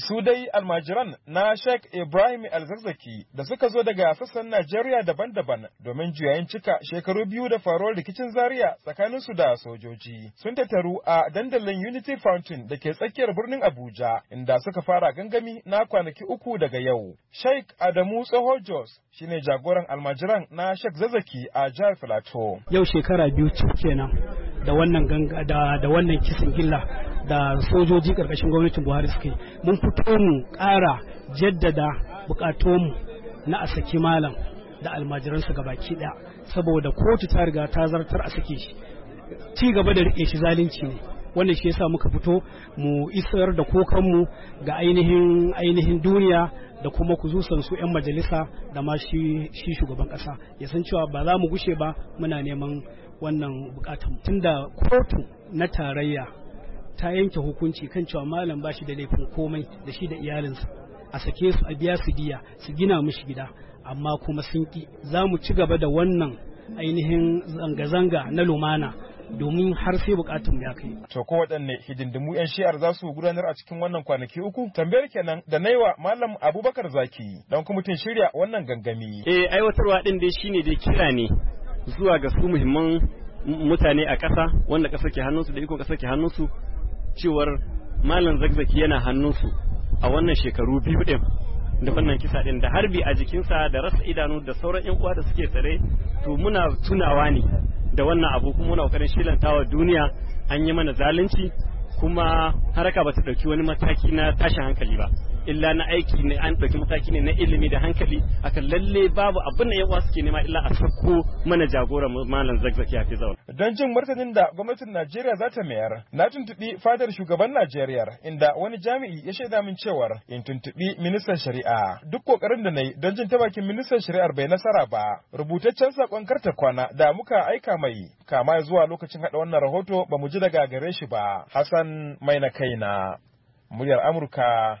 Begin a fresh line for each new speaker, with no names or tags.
su dai almajiran na Sheikh Ibrahim El-zazzaki da suka zo daga sassan Najeriya daban-daban domin juyayin cika shekaru biyu da faruwar rikicin Zaria tsakanin su da sojoji. Sun tattaru a dandalin Unity Fountain da ke tsakiyar birnin Abuja inda suka fara gangami na kwanaki uku daga yau. Sheikh Adamu Tsoho Jos shine jagoran almajiran na Sheikh Zazzaki a jihar Filato.
Yau shekara biyu kenan da wannan da wannan kisan gilla da sojoji karkashin gwamnatin buhari suke mun fito mu ƙara jaddada mu na a saki malam da almajiransa gabaki ɗaya saboda kotu ta riga ta zartar a saki shi ci gaba da rike shi zalunci ne wannan shi yasa muka fito mu isar da kokanmu ga ainihin ainihin duniya da kuma ku zusan su 'yan majalisa da ma shi shugaban kasa ya san cewa ba za mu gushe ba muna neman wannan bukatun tunda kotu na tarayya ta yanke hukunci kan cewa malam ba shi da laifin komai da shi da iyalinsa a sake su a biya su diya su gina mishi gida amma kuma sun ki za mu ci gaba da wannan ainihin zanga-zanga na lumana domin
har sai bukatun ya kai. To ko waɗanne hidindimu 'yan shi'ar za su gudanar a cikin wannan kwanaki uku? Tambayar kenan da naiwa Malam Abubakar Zaki don kwamitin shirya wannan gangami. Eh
aiwatarwa ɗin dai shine dai kira ne zuwa ga su muhimman mutane a ƙasa wanda ƙasa ke hannunsu da ikon ƙasa ke hannunsu cewar malam zagzaki yana hannunsu a wannan shekaru biyu ɗin da wannan kisa ɗin da harbi a jikinsa da rasa idanu da sauran yan uwa da suke tsare to muna tunawa ne da wannan abu kuma muna ƙoƙarin shilantawa duniya an yi mana zalunci kuma haraka ba ta ɗauki wani mataki na tashin hankali ba illa na aiki ne an ɗauki mataki ne na ilimi da hankali akan lalle babu abin da yawa suke nema illa a sako mana jagora malam zagzaki ya fi zaune.
don jin martanin da gwamnatin najeriya za ta mayar na tuntuɓi fadar shugaban najeriya inda wani jami'i ya shaida min cewar in tuntubi ministan shari'a duk ƙoƙarin da na yi don jin ta bakin ministan shari'ar bai nasara ba rubutaccen saƙon karta kwana da muka aika mai kama zuwa lokacin haɗa wannan rahoto ba mu ji daga gare shi ba hassan mai na kaina muryar amurka